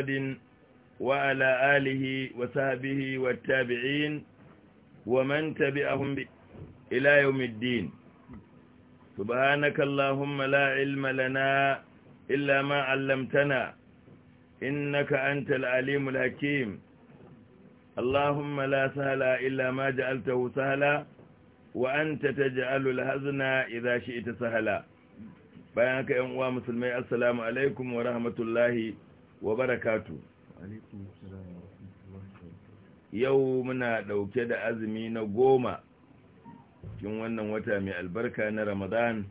محمد وعلى آله وصحبه والتابعين ومن تبعهم إلى يوم الدين سبحانك اللهم لا علم لنا إلا ما علمتنا إنك أنت العليم الحكيم اللهم لا سهل إلا ما جعلته سهلا وأنت تجعل الهزن إذا شئت سهلا بيانك يا مسلمي السلام عليكم ورحمة الله wa barakatu yau muna dauke da azumi na goma cikin wannan wata mai albarka na ramadan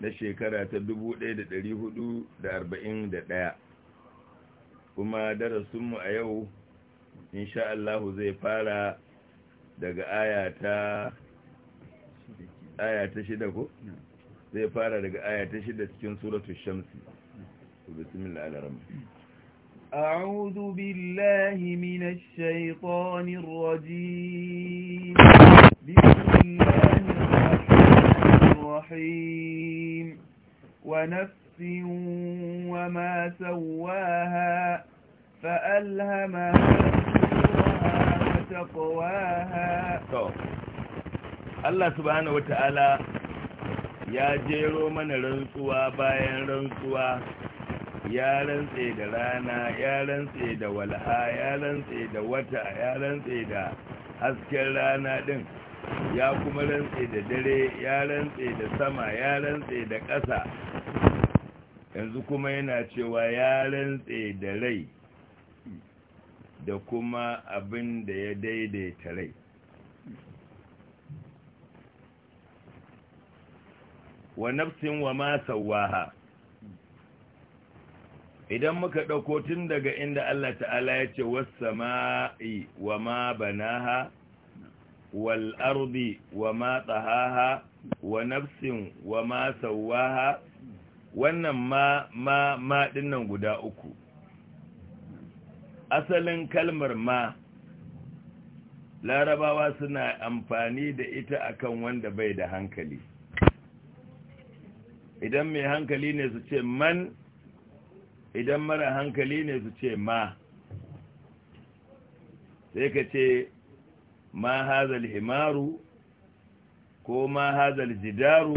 na shekara ta 1441 kuma darasinmu a yau insha Allahu zai fara daga aya ta shida ko? zai fara daga aya ta shida cikin suratun shamsi bismillah أعوذ بالله من الشيطان الرجيم بسم الله الرحمن الرحيم ونفس وما سواها فألهمها فجورها وتقواها الله سبحانه وتعالى ya jero mana rantsuwa bayan rantsuwa ya rantse da rana ya rantse da walha ya rantse da wata ya rantse da hasken rana din ya kuma rantse da dare ya rantse da sama ya rantse da ƙasa yanzu kuma yana cewa ya rantse da rai da kuma abin da ya daidaita rai wa nafsin wa ma sawaha idan muka ɗauko tun daga inda Allah ta'ala ya ce sama'i wa ma banaha wal ardi wa ma tsahaha wa nafsin wa ma sauwaha wannan ma ma ma dinnan guda uku asalin kalmar ma larabawa suna amfani da ita akan wanda bai da hankali idan mai hankali ne su ce man idan mara hankali ne su ce ma sai ka ce ma hazal himaru ko ma hazal jidaru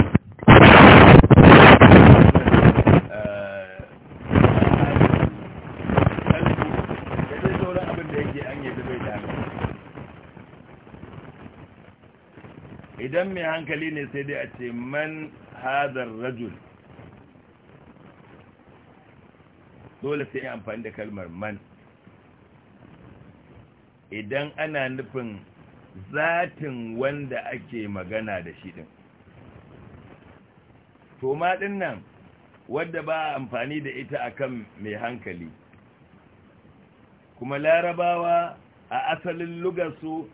idan mai hankali ne sai dai a ce man hadar rajul dole sai amfani da kalmar man idan ana nufin zatin wanda ake magana da shi din to ma din nan wadda ba amfani da ita akan mai hankali kuma larabawa a asalin lugarsu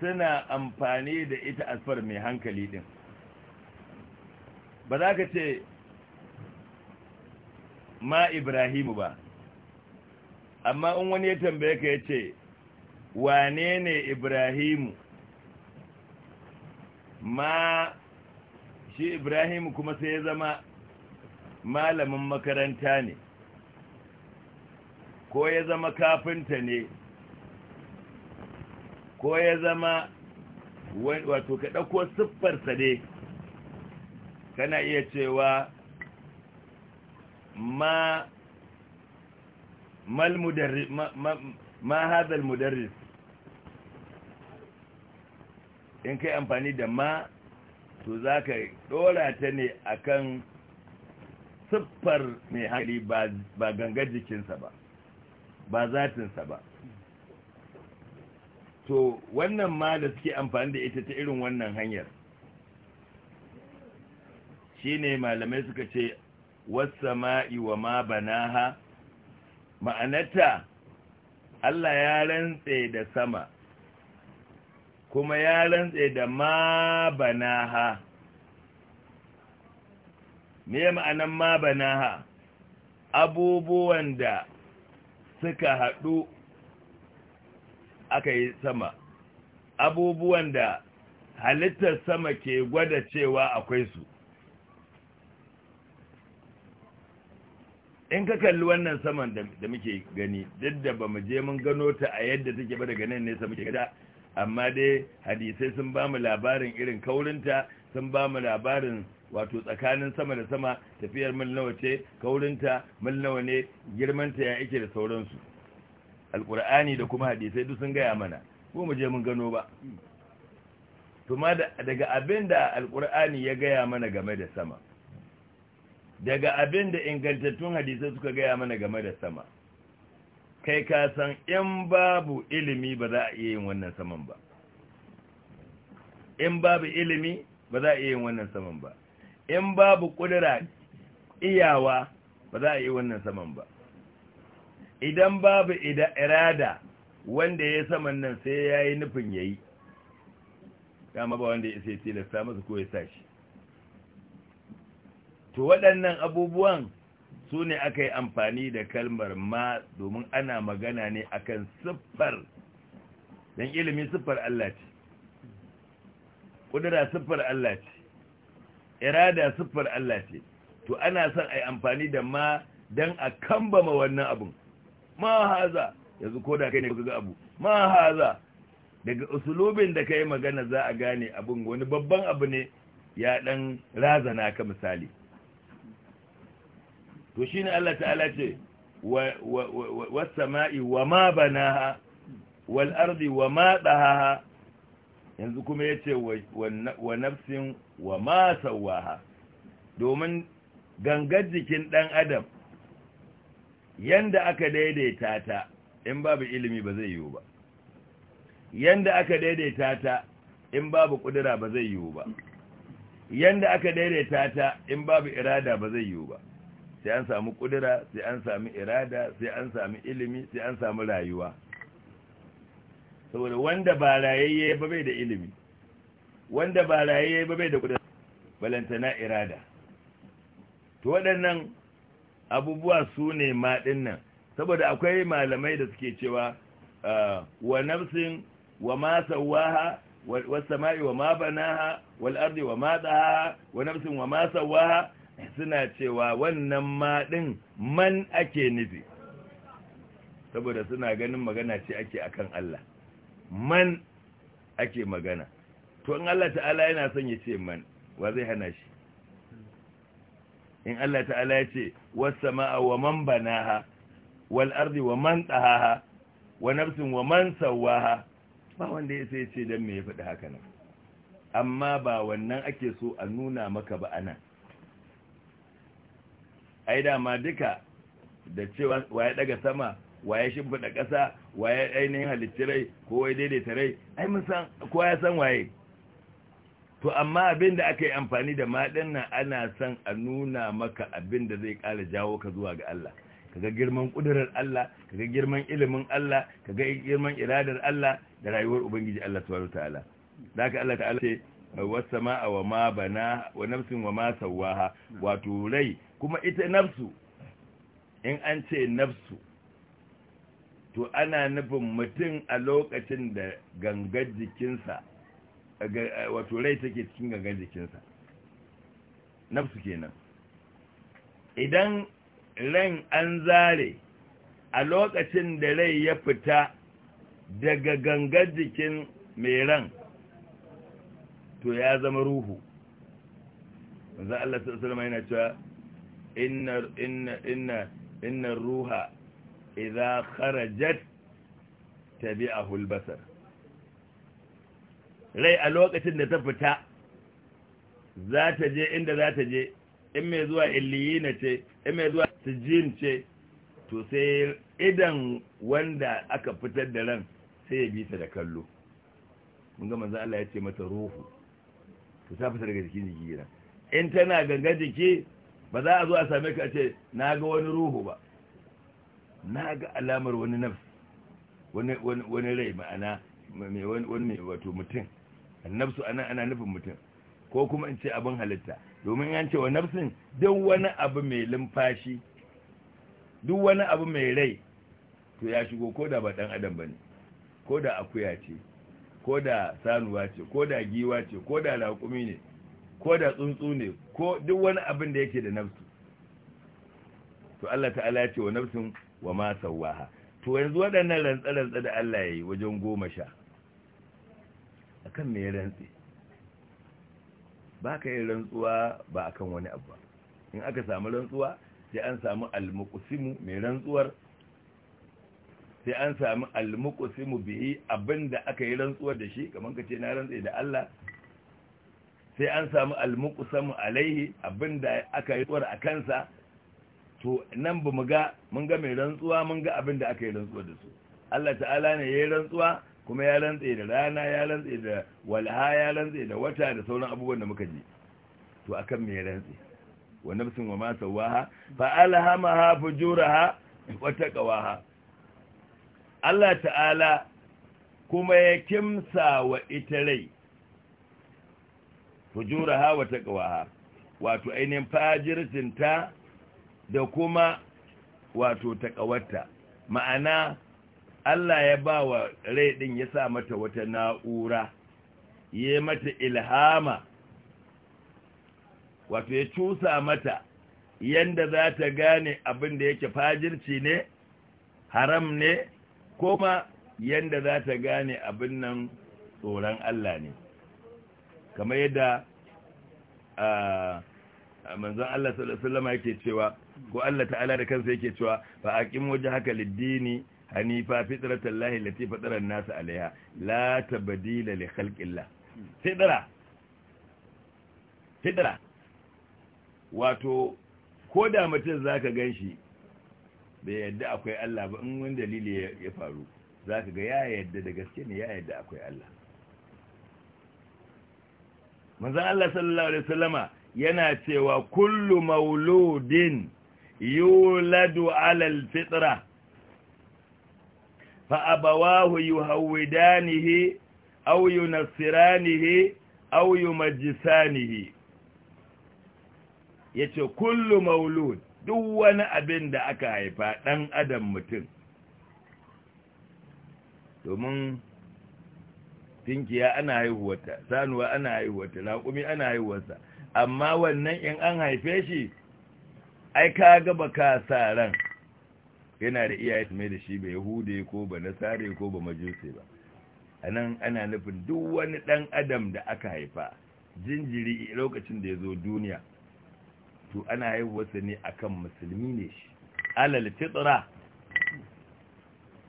suna amfani da ita asfar mai hankali din ba za ka ce ma ibrahimu ba amma in wani ya tambaye ka yace ce wane ne ibrahimu ma shi ibrahimu kuma sai ya zama malamin makaranta ne ko ya zama kafinta ne ko ya zama wato ka ɗauko siffarsa ne kana iya cewa ma mal mudarris ma hadal mudarris in kai amfani da ma to zaka ka dora ta ne akan siffar mai hali ba gangar jikinsa ba ba zatinsa ba to wannan ma da suke amfani da ita ta irin wannan hanyar shine malamai suka ce wasama'i wa ma banaha ma'anarta Allah ya rantse da sama kuma ya rantse da ma banaha me ma'anan ma banaha abubuwan da suka haɗu aka yi sama abubuwan da halittar sama ke gwada cewa akwai su in ka kalli wannan saman da muke gani duk da ba mu je mun gano ta a yadda take ba daga nan nesa muke gada amma dai hadisai sun ba mu labarin irin kaurinta sun ba mu labarin wato tsakanin sama da sama tafiyar mil nawa ce kaurinta mil nawa ne girmanta ya yake da sauransu alqur'ani da kuma hadisai duk sun gaya mana ko mu je mun gano ba kuma daga abin da alkur'ani ya gaya mana game da sama daga abin da ingantattun hadisai suka gaya mana game da sama kai ka san in babu ilimi ba za a iya yin wannan saman ba in babu ilimi ba za a iya yin wannan saman ba in babu kudura iyawa ba za a iya wannan saman ba idan babu irada wanda ya saman nan sai ya yi nufin ya yi dama ba wanda ya sai tilasta masa ko ya tashi to waɗannan abubuwan su ne aka yi amfani da kalmar ma domin ana magana ne akan siffar don ilimin siffar Allah ce ƙudura siffar Allah ce irada siffar Allah ce to ana son a yi amfani da ma don a kambama wannan abin ma haza yanzu ko da kai ne ga abu ma haza daga usulubin da ka yi magana za a gane abin wani babban abu ne ya ɗan razana ka misali to shine Allah ta'ala ce was sama'i wa ma banaha wal ardi wa ma dahaha yanzu kuma yace wa nafsin wa ma sawaha domin gangar jikin dan adam yanda aka daidaita ta in babu ilimi ba zai yiwu ba yanda aka daidaita ta in babu kudura ba zai yiwu ba yanda aka daidaita ta in babu irada ba zai yiwu ba sai an samu kudura sai an samu irada sai an samu ilimi sai an samu rayuwa saboda wanda ba rayayye ba bai da ilimi wanda ba rayayye ba bai da kudura balantana irada to waɗannan abubuwa su ne maɗin nan saboda akwai malamai da suke cewa uh, wa nafsin wa ma sawaha wa sama'i wa ma banaha wal ardi wa ma daha wa nafsin wa ma sawaha suna cewa wannan maɗin man ake nufi saboda suna ganin magana ce ake akan Allah man ake magana to in Allah ta'ala yana son ya ce man wa zai hana shi in Allah ta'ala ya ce wasu sama'a, wa man banaha wal ardi wa man tsahaha wa nafsin wa man sawaha ba wanda ya sai ce don me ya faɗi haka nan amma ba wannan ake so a nuna maka ba anan ai dama duka da cewa waye daga sama waye shimfida ƙasa waye ainihin halittu rai ko waye daidaita rai ai mun san kowa ya san waye to amma abin da aka yi amfani da maɗin nan ana son a nuna maka abin da zai ƙara jawo ka zuwa ga Allah kaga girman ƙudurar Allah kaga girman ilimin Allah kaga girman iradar Allah da rayuwar ubangiji Allah subhanahu wataala da haka Allah ta'ala ce wasa ma'a wa ma bana wa nafsin wa ma sawaha wato rai kuma ita nafsu in an ce nafsu to ana nufin mutum a lokacin da gangar jikinsa wato rai take cikin gangar jikinsa nafsu kenan idan ran an zare a lokacin da rai ya fita daga gangar jikin mai ran to ya zama ruhu manzo Allah sallallahu alaihi yana cewa inna inna inna ruha idza kharajat tabi'ahu basar rai a lokacin da ta fita za ta je inda za ta je in mai zuwa illiyina ce in mai zuwa sijin ce to sai idan wanda aka fitar da ran sai ya bi ta da kallo mun ga manzo Allah ya ce mata ruhu to ta fita daga jikin jiki gina in tana gangan jiki ba za a zo a same ka ce na ga wani ruhu ba na ga alamar wani nafsi wani rai ma'ana wani wato mutum annabsu ana ana nufin mutum ko kuma in ce abin halitta domin yan wa nafsin duk wani abu mai limfashi duk wani abu mai rai to ya shigo ko da ba dan adam bane ko da akuya ce ko da sanuwa ce ko da giwa ce ko da laƙumi ne ko da tsuntsu ne ko duk wani abin da yake da nafsu to Allah ta'ala ya ce wa nafsin wa ma sawaha to yanzu waɗannan rantsa-rantsa da Allah ya yi wajen goma sha akan me ya rantse ba ka yi rantsuwa ba kan wani abu in aka samu rantsuwa sai an samu almakusimu mai rantsuwar sai an sami mu bihi abinda aka yi rantsuwar da shi kaman ce na rantsa da Allah sai an sami almukusamu alaihi abinda aka yi rantsuwar a kansa? to nan ba mu ga mun ga mai rantsuwa mun ga abinda aka yi rantsuwa da su Allah ta'ala ne ya yi rantsuwa kuma ya rantsa da rana ya rantsa da walha ya rantsa da wata da sauran abubuwan da muka ji to akan mai rantsa wa nafsin wa ma sawaha fa alhamaha fujuraha wa taqwaha Allah ta'ala kuma ya kimsa wa ita rai fujuraha wa taqwaha wato ainihin ta, da kuma wato taqawarta ma'ana Allah ya ba wa rai ɗin ya sa mata wata na'ura ya mata ilhama wato ya cusa mata yanda za ta gane abin da yake fajirci ne haram ne Koma yanda za ta gane abin nan tsoron Allah ne kamar yadda manzon Allah sallallahu alaihi wasallam yake cewa ko Allah ta'ala da kansa yake cewa fa aqim wajhaka lid-dini hanifa fitratallahi allati fatara an-nas 'alayha la tabdila li khalqillah fitra fitra wato ko da mutum zaka ganshi bai yadda akwai Allah ba in wani dalili ya faru za ka ga ya yadda da gaske ne ya yadda akwai Allah manzan Allah sallallahu Alaihi wasallama yana cewa kullu mauludin yuladu alal fitra fa abawahu yuhawidanihi aw yunassiranihi aw yumajjisanihi yace kullu maulud duk wani abin da aka haifa ɗan adam mutum domin tinkiya ana haihuwata sanuwa ana haihuwata laƙumi ana haihuwarsa amma wannan in an haife shi ai ka gaba ka sa ran yana da iyaye mai da shi ba yahude ko ba nasare ko ba majuse ba anan ana nufin duk wani ɗan adam da aka haifa jinjiri lokacin da ya zo duniya to ana haihuwarsa ne akan musulmi ne shi alal fitra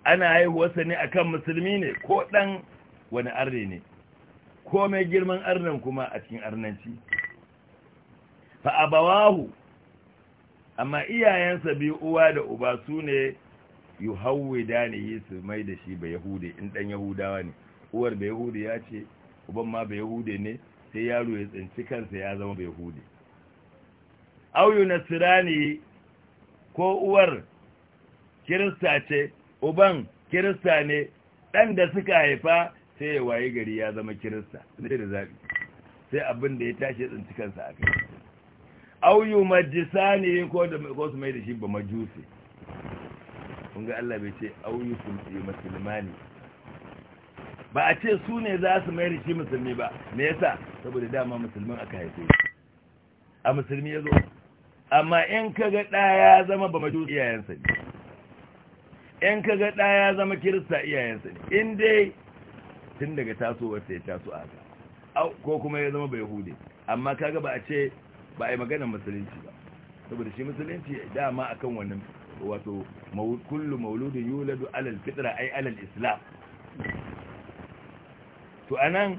ana haihuwarsa ne akan musulmi ne ko dan wani arne ne ko mai girman arnan kuma a cikin arnanci fa abawahu amma iyayensa biyu uwa da uba su ne yi hauwe yi su mai da shi ba yahude in dan yahudawa ne uwar ba yahude ya ce uban ma ba yahude ne sai yaro ya tsinci kansa ya zama ba yahude auyu nasirani ko uwar kirista ce uban kirista ne ɗan da suka haifa sai ya waye gari ya zama kirista zai da zaɓi sai abin da ya tashi tsinci kansa a kai auyu majisa ne ko su mai da shi ba majusi ga Allah bai ce auyu musulmani ba a ce su ne za su mai da shi musulmi ba me yasa saboda dama musulmin aka haife a musulmi ya zo amma in kaga ɗa ya zama ba majusi iyayensa ne in kaga ɗa ya zama kirista iyayensa ne in dai tun daga wata ya taso aka ko kuma ya zama bai hude amma kaga ba a ce ba a yi maganin musulunci ba saboda shi musulunci dama akan wannan wato kullum mauludin yuladu alal fitra ai alal islam to anan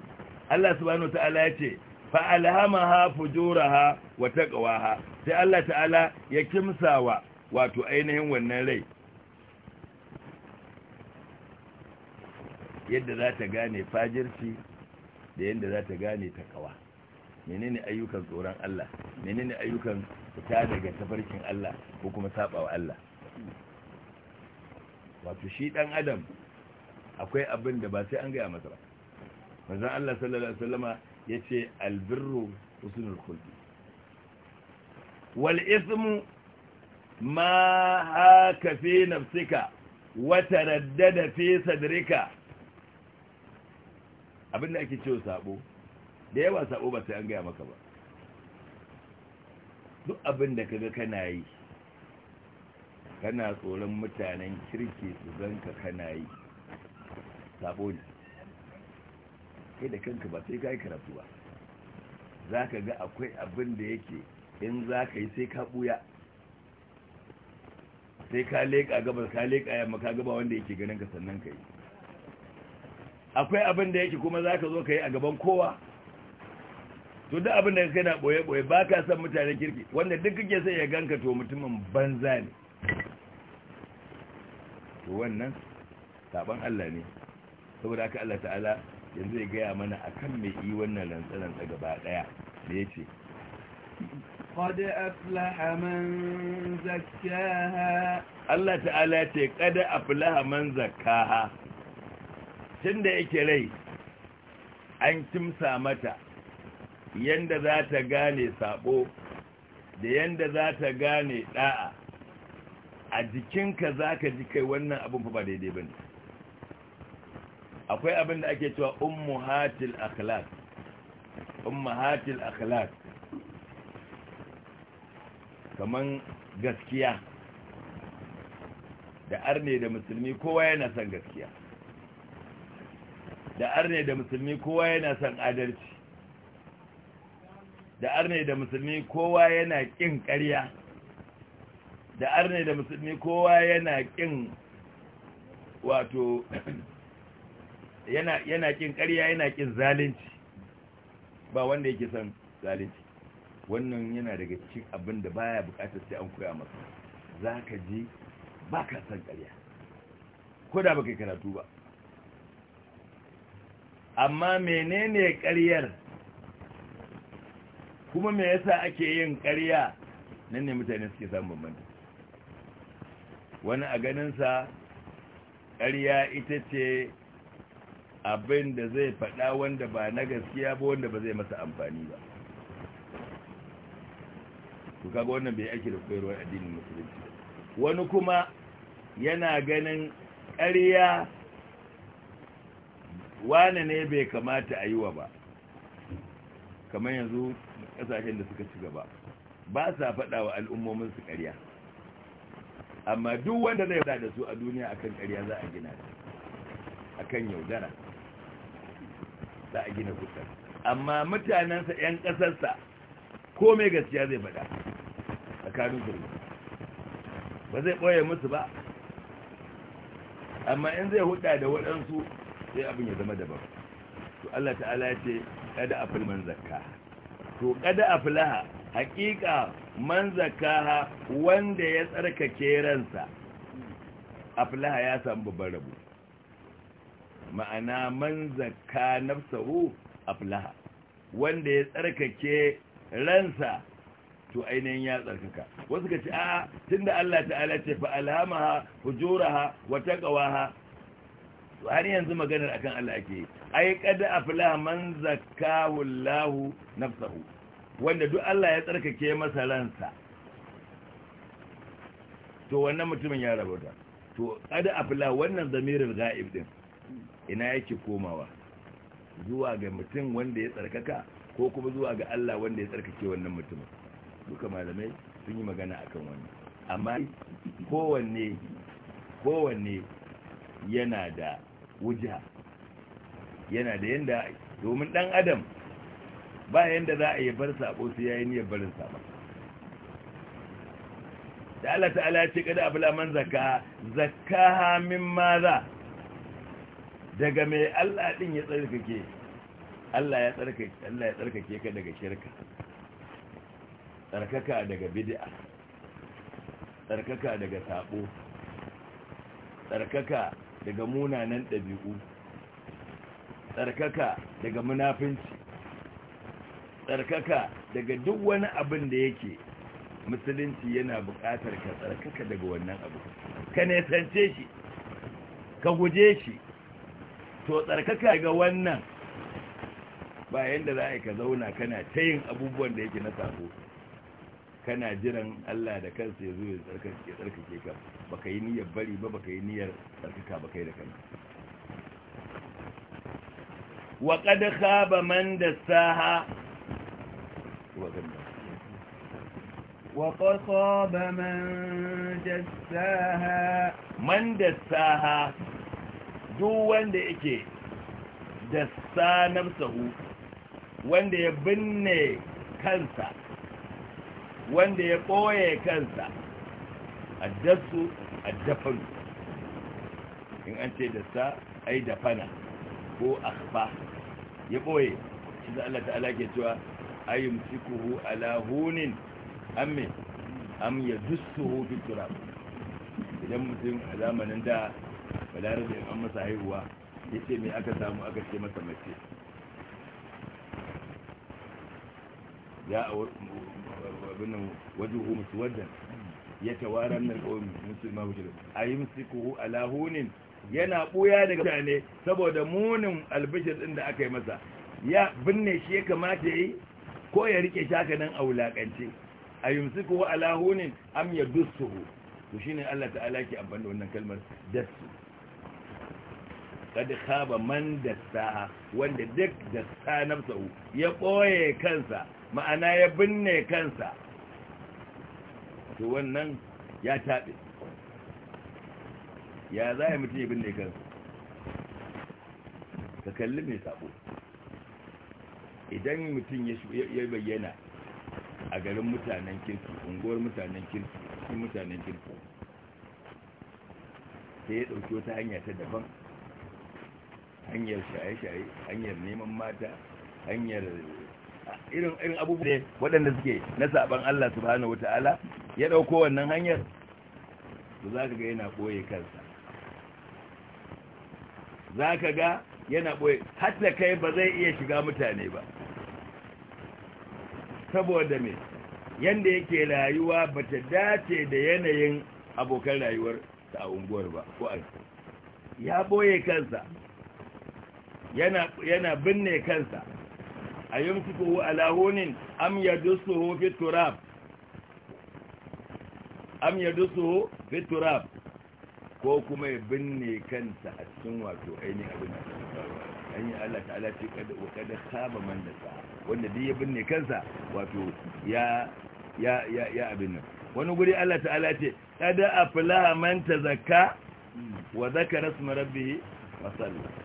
Allah subhanahu wa ta'ala ya ce fa alhamaha fujuraha wa taqwaha sai Allah ta'ala ya kimsawa wato ainihin wannan rai yadda za ta gane fajirci da yadda za ta gane taqwa menene ayyukan tsoron Allah menene ayyukan fita daga tafarkin Allah ko kuma sabawa Allah wato shi dan adam akwai abin da ba sai an gaya masa ba manzon Allah sallallahu alaihi wasallama ya ce albirru usulul kulki wal ismu ma haka fi nafsika wata raddada fi sadrika abinda ake cewa sabo da yawa sabo ba sai an gaya maka ba duk abinda kaga kana yi kana tsoron mutanen kirki su zanka kana yi sabo ne kai da kanka ba sai ka yi karatu ba za ka ga akwai abin da yake in za ka yi sai ka buya sai ka leƙa gabas ka leƙa yamma ka gaba wanda yake ganin ka sannan ka yi akwai abin da yake kuma za ka zo ka yi a gaban kowa to duk abin da ka kai na ɓoye-ɓoye ba ka san mutane kirki wanda duk kake sai ya ganka to mutumin banza ne to wannan saban Allah ne saboda haka Allah ta'ala yanzu ya gaya mana a kan mai yi wannan rantsa gaba daya da ya ce a أفلح من زكاها Allah ta'ala ce kada aflaha man zakkaha tunda yake rai an kimsa mata yanda za ta gane sabo da yanda za ta gane da'a a jikinka ka ji kai wannan abun fa ba daidai ba ne. akwai abin da ake cewa ummuhatil akhlaq ummuhatil akhlaq kaman gaskiya da arne da musulmi kowa yana son gaskiya da arne da musulmi kowa yana son adalci da arne da musulmi kowa yana kin ƙarya da arne da musulmi kowa yana kin wato yana yana kin ƙarya yana kin zalunci ba wanda yake son zalunci wannan yana daga cikin abin da baya bukatar sai an koya masa zaka ji baka san ƙarya ko da baka karatu ba amma menene ƙaryar kuma me yasa ake yin ƙarya nan ne mutane suke samun bambanta wani a ganinsa ƙarya ita ce abin da zai faɗa wanda ba na gaskiya ba wanda ba zai masa amfani ba to kaga wannan bai ake da koyarwar addinin musulunci wani kuma yana ganin ƙariya wane ne bai kamata a yi wa ba kamar yanzu ƙasashen da suka ci gaba ba sa faɗa wa al'ummominsu ƙariya amma duk wanda zai faɗa da su a duniya akan ƙariya za a gina a akan yaudara za a gina kusan amma mutanensa 'yan ƙasarsa ko mai gaskiya zai faɗa tsakanin zurbi ba zai ɓoye musu ba amma in zai huɗa da waɗansu sai abin ya zama daban to Allah ta'ala ya ce kada a filman zakka to kada a filaha haƙiƙa man zakkaha wanda ya tsarkake ransa a filaha ya samu babban rabu ma'ana man zakka nafsahu aflaha wanda ya tsarkake ransa to ainihin ya tsarkaka wasu ka ce a tunda Allah ta'ala ce fa alhamaha hujuraha wa taqwaha har yanzu maganar akan Allah ake ai qad aflaha man zakkahu Allah nafsahu wanda duk Allah ya tsarkake masa ransa to wannan mutumin ya rabota to qad aflaha wannan zamirin ga'ib din ina yake komawa zuwa ga mutum wanda ya tsarkaka ko kuma zuwa ga Allah wanda ya tsarkake wannan mutumin duka malamai sun yi magana akan wannan amma kowanne kowanne yana da wuja yana da yanda domin dan adam ba yanda za a yi bar sabo sai yayin niyyar barin sabo da Allah ta'ala ya ce kada abula man zakka zakkaha min maza daga mai Allah din ya tsarkake Allah ya tsarkake Allah ya tsarkake ka daga shirka tsarkaka daga bid'a tsarkaka daga sabo tsarkaka daga munanan ɗabi'u tsarkaka daga munafinci tsarkaka daga duk wani abin da yake musulunci yana buƙatar ka tsarkaka daga wannan abu ka nesance shi ka guje shi to tsarkaka ga wannan ba yadda za a ka zauna kana ta yin abubuwan da yake na sabo kana jiran Allah da kansa ya zo ya tsarkake ka baka yi niyyar bari ba baka yi niyyar tsarkaka ba yi da kanka wa qad khaba man dassaha wa وقد خاب من دساها من duk wanda yake da sanar sahu wanda ya binne kansa wanda ya ɓoye kansa addasu addafan in an ce da sa ai dafana ko akhfa ya ɓoye shi da Allah ta'ala ke cewa ayyum sikuhu ala hunin amme am ya dussuhu turab idan mutum a zamanin da da an masa haihuwa ya ce mai aka samu aka ce masa mace ya a wabinan wajen musu wajen ya tawara nan ƙomi musulma hujjar a yi musikuhu alahunin yana ɓuya daga mutane saboda munin albishir ɗin da aka yi masa ya binne shi ya kamata ya yi ko ya rike shaka nan a wulaƙance a yi musikuhu alahunin am ya dussuhu to shi ne allah ta'ala ke amfani da wannan kalmar dasu? kad khaba man dassaha wanda duk dassa nafsu ya boye kansa ma'ana ya binne kansa to wannan ya tabe ya za ya mutu ya binne kansa ka kalli mai sabo idan mutum ya bayyana a garin mutanen kirki unguwar mutanen kirki mutanen kirki sai ya dauki wata hanya ta daban hanyar shaye-shaye hanyar neman mata hanyar irin irin abubuwa waɗanda suke na saɓan Allah subhanahu wataala ya ɗauko wannan hanyar to ka ga yana ɓoye kansa ka ga yana ɓoye hatta kai ba zai iya shiga mutane ba saboda me yadda yake rayuwa ba ta dace da yanayin abokan rayuwar ta unguwar ba ko ya ɓoye kansa yana yana binne kansa a yi hunin am yadussuhu fi turab am yadussuhu fi turab ko kuma ya binne kansa a cikin wato ainihin abin da an yi Allah ta'ala ce kada wa kada saba man da sa wanda duk ya binne kansa wato ya ya ya ya abin nan wani guri Allah ta'ala ce kada aflaha man tazakka wa zakara isma rabbih wa sallama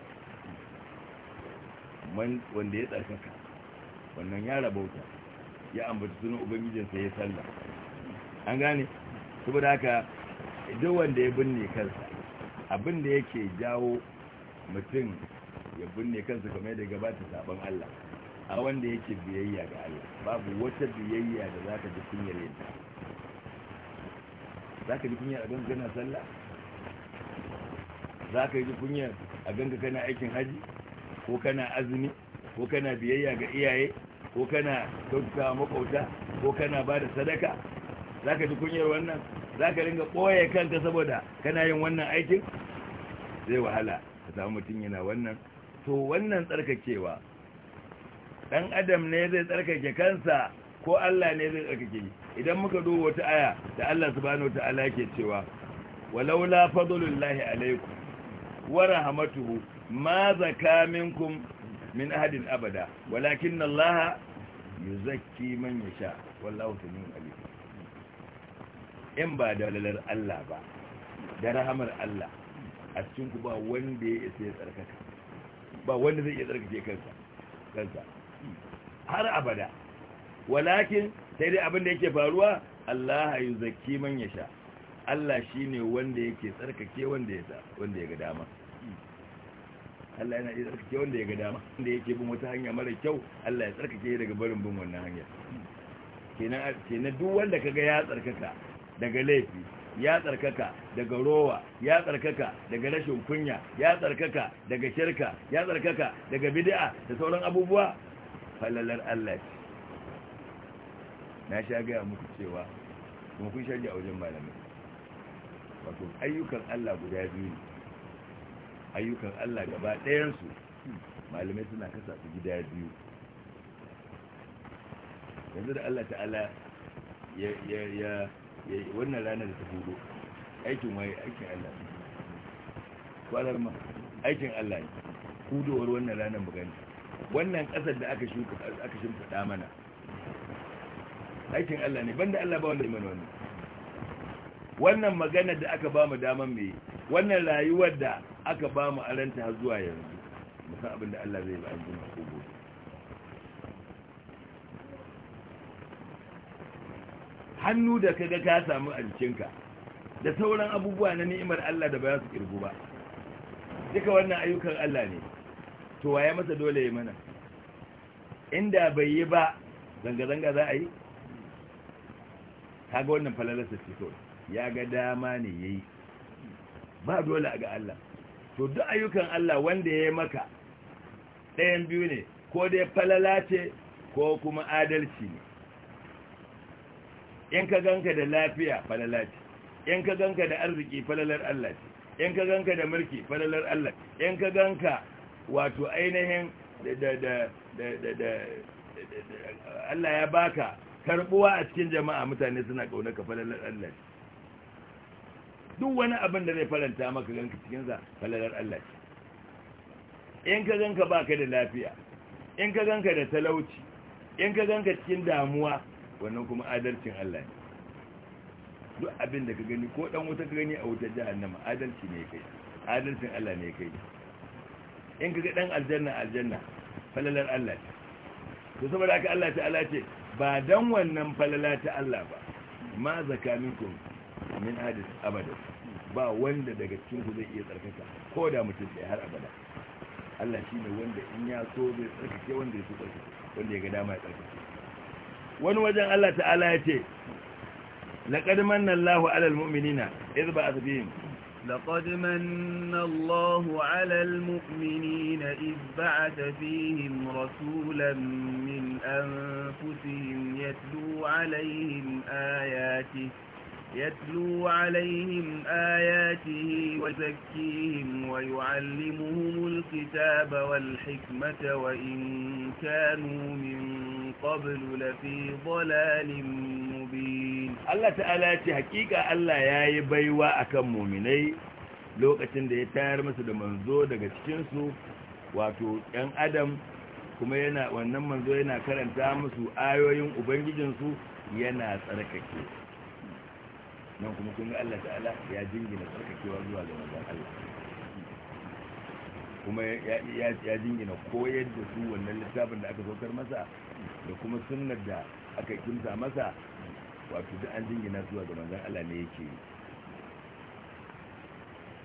wanda ya ka wannan ya rabauta ya ambaci sunan ubangijinsa ya salla. an gane saboda haka duk wanda ya binne kansa abin da yake jawo mutum ya binne kansa kamar da gabata sabon Allah a wanda yake biyayya ga Allah babu wata biyayya da za ka ji kunyar yadda ka ji kunyar a ganka kana sallah ka ji kunyar a ganga kana aikin haji ko kana azumi ko kana biyayya ga iyaye ko kana kyautata makauta ko kana ba da sadaka za ka ji kunyar wannan za ka ringa ɓoye kanka saboda kana yin wannan aikin zai wahala ka samu mutum yana wannan to wannan tsarkakewa ɗan adam ne zai tsarkake kansa ko Allah ne zai tsarkake idan muka duba wata aya da Allah subhanahu wata'ala ke cewa walaula fadlullahi alaikum wa rahmatuhu ma zaka minkum min ahadin abada walakin Allah yuzakki man yasha wallahu tamim alim in ba da lalar Allah ba da rahamar Allah a cikin ku ba wanda ya isa ya tsarkaka ba wanda zai iya tsarkake kansa kansa har abada walakin sai dai abin da yake faruwa Allah yuzakki man yasha Allah shine wanda yake tsarkake wanda ya wanda ya ga dama Allah yana iya tsarkake wanda ya ga dama wanda yake bin wata hanya mara kyau Allah ya tsarkake daga barin bin wannan hanya kenan kenan duk wanda kaga ya tsarkaka daga laifi ya tsarkaka daga rowa ya tsarkaka daga rashin kunya ya tsarkaka daga shirka ya tsarkaka daga bid'a da sauran abubuwa falalar Allah ce na sha gaya muku cewa kuma kun shaji a wajen malamai wato ayyukan Allah guda biyu ayyukan Allah gaba ɗayansu malamai suna kasa su gida biyu yanzu da Allah ta'ala ya wannan ranar da ta hudu aikin waye aikin Allah ne kwanar ma aikin Allah ne hudowar wannan ranar magani wannan ƙasar da aka shimfiɗa mana aikin Allah ne banda Allah ba wanda iman wannan wannan magana da aka ba mu daman mai wannan rayuwar da aka ba mu aranta har zuwa yanzu musan abinda Allah zai ba an jima ko hannu da kaga ka samu alcinka da sauran abubuwa na ni'imar Allah da ba su kirgu ba duka wannan ayyukan Allah ne to waye masa dole ya mana inda bai yi ba zanga-zanga za a yi kaga wannan falalarsa ce to ya ga dama ne ya yi ba dole ga Allah to duk ayyukan Allah wanda ya yi maka ɗayan biyu ne ko dai falala ce ko kuma adalci ne in ka ganka da lafiya falala ce in ka ganka da arziki falalar Allah ce in ka ganka da mulki falalar Allah in ka ganka wato ainihin da da da Allah ya baka karbuwa a cikin jama'a mutane suna kauna ka falalar Allah ce. duk wani abin da zai faranta maka ganka cikinsa falalar Allah ce in ka ganka baka da lafiya in ka ganka da talauci in ka ganka cikin damuwa wannan kuma adalcin Allah ne duk abin da ka gani ko dan wuta ka gani a wutar jahannama adalci ne kai adalcin Allah ne kai in ka ga dan aljanna aljanna falalar Allah ce to saboda haka Allah ta'ala ce ba dan wannan falala ta Allah ba ma zakaminkum min hadis abada ba wanda daga cikin ku zai iya tsarkaka ko da mutum sai har abada Allah shi ne wanda in ya so zai tsarkake wanda ya so tsarkake wanda ya ga dama ya tsarkake wani wajen Allah ta'ala ya ce laqad manna Allahu 'alal mu'minina idh ba'atha fihim لقد من الله على المؤمنين إذ بعث فيهم رسولا من أنفسهم يتلو عليهم آياته يتلو عليهم آياته وزكيهم ويعلمهم الكتاب والحكمة وإن كانوا من قبل لفي ضلال مبين الله تعالى حقيقة الله ياي بيوا أكم مؤمني lokacin da ya tayar masa da manzo daga cikinsu wato ‘yan adam kuma yana wannan manzo yana karanta musu ayoyin ubangijinsu yana tsarkake nan kuma kun ga Allah ta'ala ya jingina tsarkakewa zuwa ga manzon Allah kuma ya jingina koyar da su wannan littafin da aka saukar masa da kuma sunnar da aka kimsa masa wato duk an jingina zuwa ga manzon Allah ne yake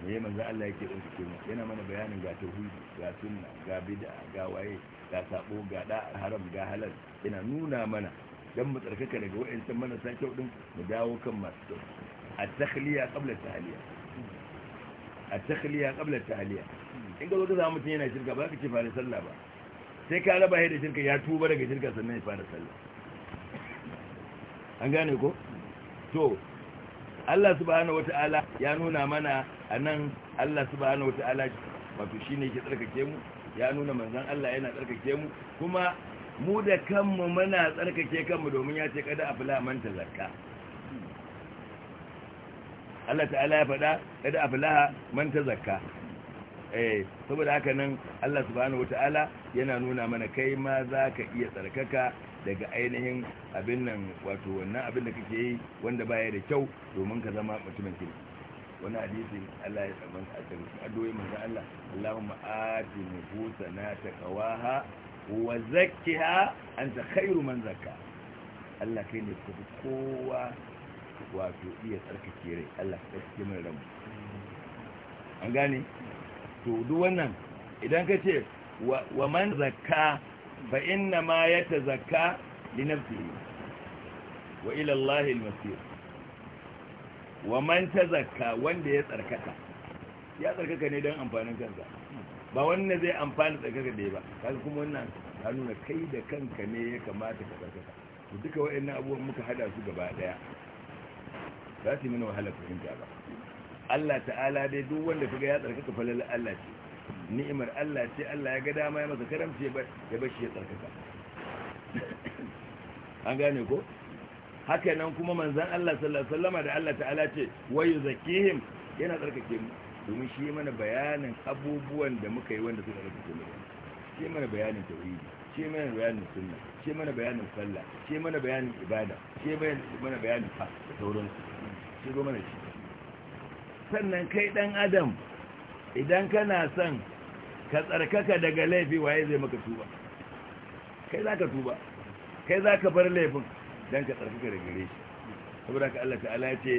me ya manzon Allah yake ɗauki kuma yana mana bayanin ga tauhidi ga sunna ga bid'a ga waye ga sabo ga da haram ga halal yana nuna mana don mu tsarkaka daga wa'ancan mana kyau din mu dawo kan masu kyau a takhliya qabla tahliya a takhliya qabla tahliya in ga zo ka samu mutum yana shirka ba ka ce fara sallah ba sai ka raba da shirka ya tuba daga shirka sannan ya fara sallah an gane ko to Allah subhanahu wata'ala ya nuna mana a nan Allah subhanahu wata'ala wato shi ne ke tsarkake mu ya nuna manzan Allah yana tsarkake mu kuma mu da kanmu muna tsarkake kanmu domin ya ce kada afla manta zakka.' Allah ta'ala ya faɗa kada aflaha manta tazakka eh saboda haka nan Allah subhanahu wata'ala yana nuna mana kai ma za ka iya tsarkaka daga ainihin abin nan wato wannan abin da kake yi wanda baya da kyau domin ka zama mutumin kiri wani hadisi Allah ya tsamanta a cikin addu'o'i manzo Allah Allahumma ati nufusana takawaha wa zakkiha anta khairu man zakka Allah kai ne ka kowa wato iya tsarkake rai Allah ka tsarkake mana ranmu an gane to duk wannan idan ka ce wa man zakka fa inna ma yatazakka li nafsihi wa ila Allah al-masir wa man tazakka wanda ya tsarkaka ya tsarkaka ne don amfanin kansa ba wannan zai amfani tsakaka da ba kaga kuma wannan Hannu nuna kai da kanka ne ya kamata ka tsakaka to duka waɗannan abubuwan muka hada su gaba daya za su yi mana wahala fahimta ba Allah ta'ala dai duk wanda kaga ya tsarkaka falal Allah ce ni'imar Allah ce Allah ya ga dama ya masa karamci ya bashi ya tsarkaka an gane ko haka nan kuma manzan Allah sallallahu alaihi wasallama da Allah ta'ala ce wayu zakihim yana tsarkake mu domin shi mana bayanin abubuwan da muka yi wanda suka rage komai shi mana bayanin tauhidi shi mana bayanin sunna shi mana bayanin sallah shi mana bayanin ibada shi mana bayanin fa da sauransu shi zo mana shi sannan kai dan adam idan kana son ka tsarkaka daga laifi waye zai maka tuba kai za ka tuba kai za ka bar laifin don ka tsarkaka daga gare shi saboda ka Allah ta'ala ce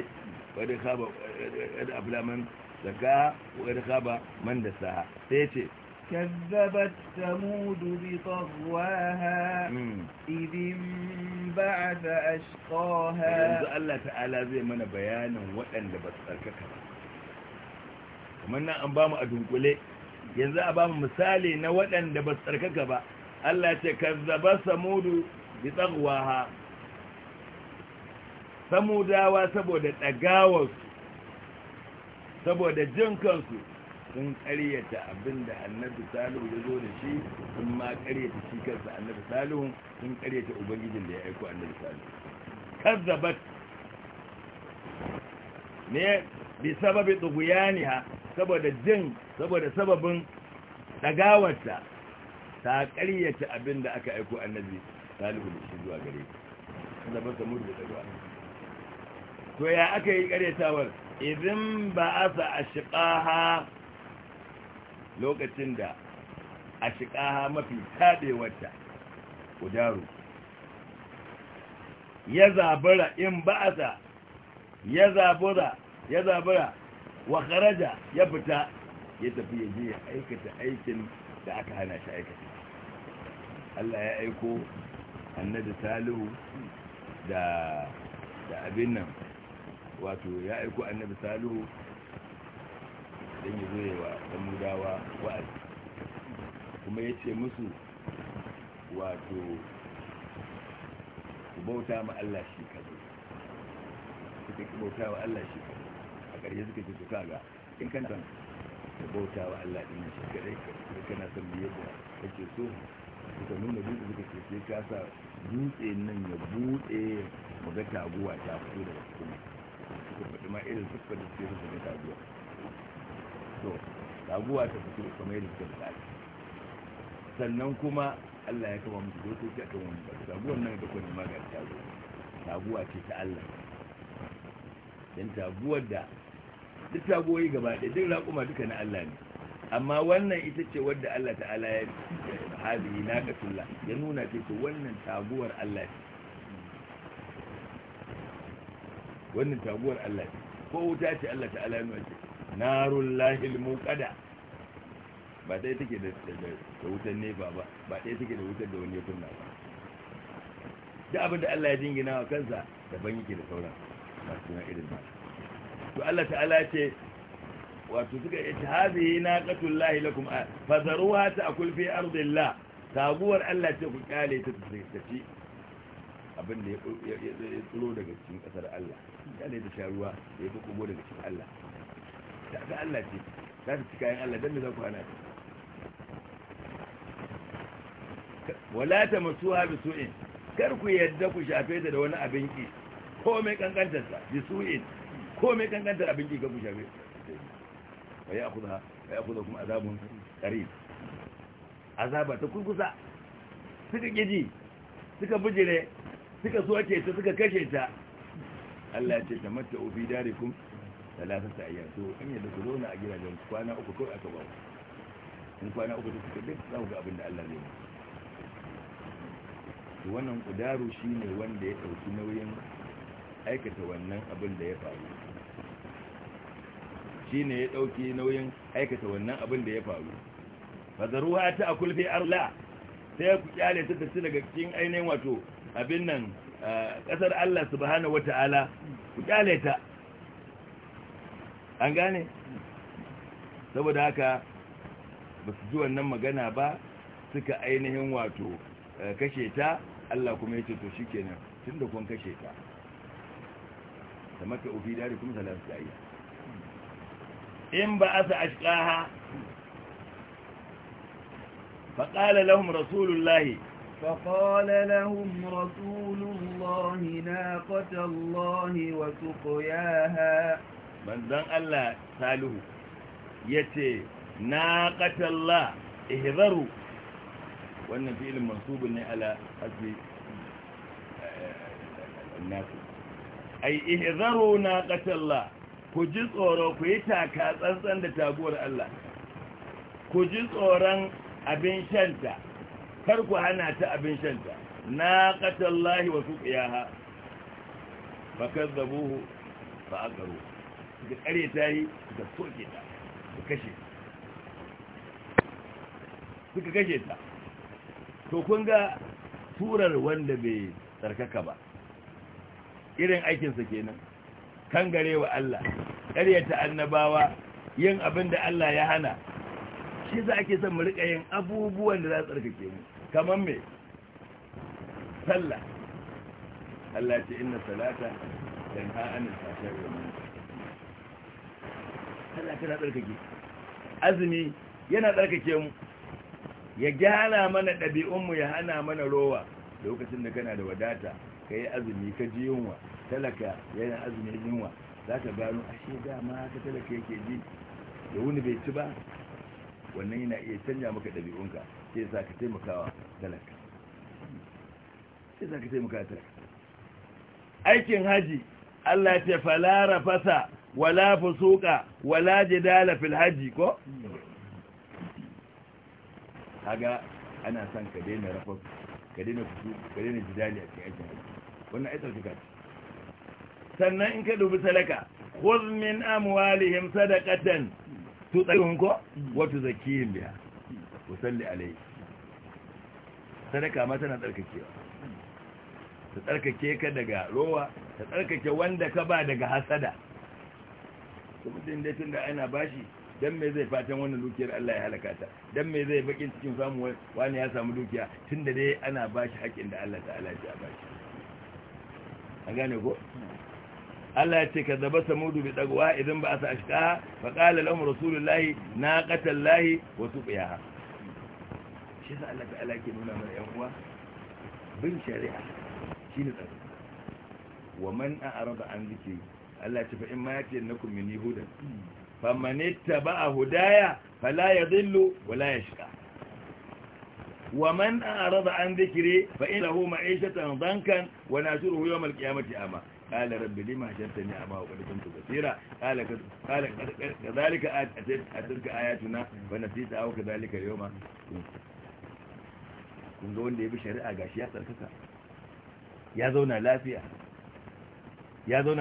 wadda aflaman zaka wa khaba man da saha sai ce كذبت ثمود بطغواها إذ انبعث أشقاها yanzu Allah ta'ala zai mana bayanin waɗanda ba su tsarkaka ba kamar nan an bamu a dunkule yanzu a bamu misali na waɗanda ba su tsarkaka ba Allah ce kazzaba samudu bi tsagwaha samudawa saboda ɗagawarsu saboda jin kansu sun karyata abin da annabi salihu ya zo da shi sun ma karyata shi kansa annabi salihu sun karyata ubangijin da ya aiko annabi salihu kazzabat ne bi sababi ha saboda jin saboda sababin dagawarta ta karyata abin da aka aiko annabi salihu da shi zuwa gare ta kazzabat samud da dagawa to ya aka yi karyatawar idan ba sa a shiƙaha lokacin da a shiƙaha mafi taɗewarta kudaru ya zabura in sa ya zabura ya zabura wa ƙaraja ya fita ya tafi ya je aikata aikin da aka hana shi aikata Allah ya aiko annabi salihu da abin nan wato ya aiko annabi salihu don ya zo wa mudawa wa'azi kuma ya ce musu wato bauta ma Allah shi kazo suka ki bauta wa Allah shi kazo a ƙarshe suka ce suka ga in kana son ka bauta wa Allah ɗin shi kadai ka kana son biyar da kake so suka nuna dutse suka ce sai ka sa dutse nan ya buɗe mu ga taguwa ta fito daga cikin faɗi ma irin suka da suke taguwa to taguwa ta fito kamar yadda suka da sannan kuma Allah ya kama mutu dokoki kama mutu ba taguwan nan da kwanin magar taguwa taguwa ce ta Allah dan taguwar da duk taguwoyi gaba da duk raƙuma duka na Allah ne amma wannan ita ce wadda Allah ta'ala ya hali na ya nuna ce wannan taguwar Allah ce wannan taguwar Allah ce ko wuta ce Allah ta'ala nuna ce narun lahil muqada ba dai take da da wutan nefa ba ba dai take da wutar da wani ya kunna ba da abin da Allah ya jingina wa kansa daban yake da sauran masu na irin ba to Allah ta'ala ce wato suka yace na naqatul lahi lakum fazaruha ta'kul fi ardillah taguwar Allah ce ku kyale ta tafi abin da ya tsoro daga cikin kasar Allah ya ne sharuwa da ya fi kogo daga cikin Allah da aka Allah ce za ta ci kayan Allah don da za ku hana wala ta masu haɗu su'in, kar ku yadda ku shafe ta da wani abin ki ko mai kankantar sa su'in ko mai kankantar abin ki ka ku shafe wa ya kuza ya kuma azabun qarib azaba ta kurkusa suka gidi suka bijire suka soke ta suka kashe ta Allah ya ce ta mata ubi, dare kun talata ta ayyar to in yadda ku zauna a gidajen kwana uku kawai aka ba in kwana uku ta suka duk za ku ga abin da Allah zai to wannan kudaru shine wanda ya ɗauki nauyin aikata wannan abin da ya faru shine ya ɗauki nauyin aikata wannan abin da ya faru fazaruwa ta akul fi arla sai ku kyale ta tafi daga cikin ainihin wato abin nan ƙasar Allah subhanahu ta’ala ku kyale ta an gane saboda haka ba su ji wannan magana ba suka ainihin wato kashe ta Allah kuma ya ce to shi kenan tun da kun kashe ta da maka ofi dari kuma salar tsayayya in ba asa ashkaha faƙala lahum rasulullahi فقال لهم رسول الله ناقة الله وسقياها من ذن الله ساله يتي ناقة الله اهذروا وأن علم منصوب على حسب الناس أي اهذروا ناقة الله كجز ji tsoro ku yi taka tsantsan da taguwar Allah ku kar ku hana ta abin shanta na qatallahi wa suqiyaha fakazzabuhu fa aqaru da kare ta yi da soke ta da kashe suka kashe ta to kun ga turar wanda bai tsarkaka ba irin aikinsa kenan kan gare wa Allah ƙaryata annabawa yin abin da Allah ya hana shi za ake son mu riƙa yin abubuwan da za su tsarkake mu kamar me sallah Allah ce inna salata don anil fahsha'i wal munkar sallah tana tsarkake azumi yana tsarkake mu ya gyara mana ɗabi'unmu ya hana mana rowa lokacin da kana da wadata ka yi azumi ka ji yunwa talaka yana azumi yunwa za ka gano ashe dama ka talaka yake ji da wuni bai ci ba wannan yana iya canja maka ɗabi'unka sai za ka taimakawa talaka sai za ka taimakawa talaka aikin haji Allah ya ce fasa wala fusuka wala jidala fil haji ko Haga ana son ka daina rafas ka daina fusu ka daina jidali a cikin aikin haji wannan aitar ka sannan in ka dubi talaka khudh min amwalihim sadaqatan to tsayin ko mm. wato zakiyin biya ku salli alai sadaka ma tana tsarkakewa ta tsarkake ka daga rowa ta tsarkake wanda ka ba daga hasada su mutum da tun da ana bashi don me zai fatan wannan dukiyar Allah ya halaka ta don me zai bakin cikin samu wani ya samu dukiya tun da dai ana bashi haƙin da Allah ta'ala ya bashi a gane ko mm. Allah ya ce ka zaba samudu bi dagwa idan ba asa ashqa fa qala lahum rasulullahi naqatal lahi wasu wa tuqiyaha shi sa Allah ta'ala ke nuna mana yan uwa bin shari'a ne tsaro wa man a a'rada an zikri Allah ya ce fa in ma yake nakum min yahuda fa man ittaba'a hudaya ya yadhillu wa man a la yashqa ومن أعرض عن ذكري فإن له معيشة ضنكا وناشره يوم القيامة أما قال رب لما شرتني أما وقد كنت بصيرا قال قال كذلك أتلك آياتنا فنسيت أو كذلك اليوم kun ga wanda ya bi shari'a gashi ya tsarkaka ya zauna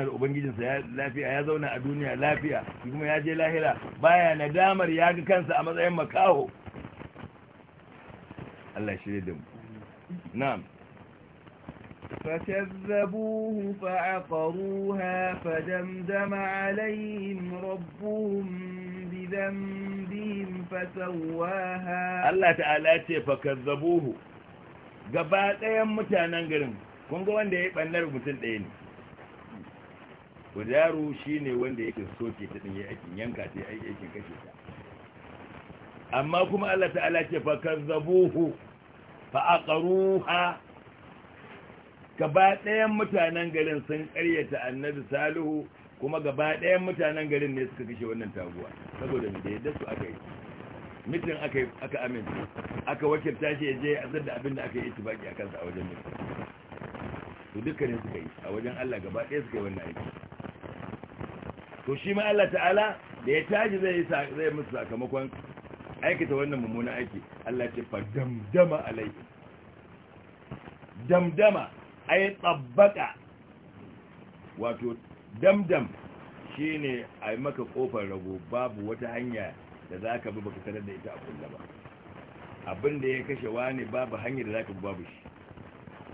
da ubangijinsa lafiya ya zauna a duniya lafiya kuma ya je lahira baya nadamar ya ga kansa a matsayin makaho Allah shirye da mu فكذبوه فعقروها فدمدم عليهم ربهم بذنبهم فسواها الله تعالى فكذبوه gaba ɗayan mutanen garin kun ga wanda ya ɓannar mutum ɗaya ne kudaru shi ne wanda yake soke ta ɗin aikin yanka ta ya aikin kashe amma kuma Allah ta'ala ce fa kazzabuhu fa aqaruha gaba ɗayan mutanen garin sun ƙaryata annabi salihu kuma gaba ɗayan mutanen garin ne suka kashe wannan taguwa saboda mai da yadda su aka yi mitin aka aka amince aka wakilta shi ya je a da abin da aka yi baki a kansa a wajen mitin to dukkanin suka yi a wajen Allah gaba ɗaya suka yi wannan aiki to shi ma Allah ta'ala da ya taji zai zai musu sakamakon aikata wannan mummunan aiki Allah ce fa damdama alaihi damdama ai tsabbaka wato damdam shi ne maka kofar rago babu wata hanya da za ka bi baka sanar da ita a kullu ba abinda ya kashe wani babu hanya da za ka bi babu shi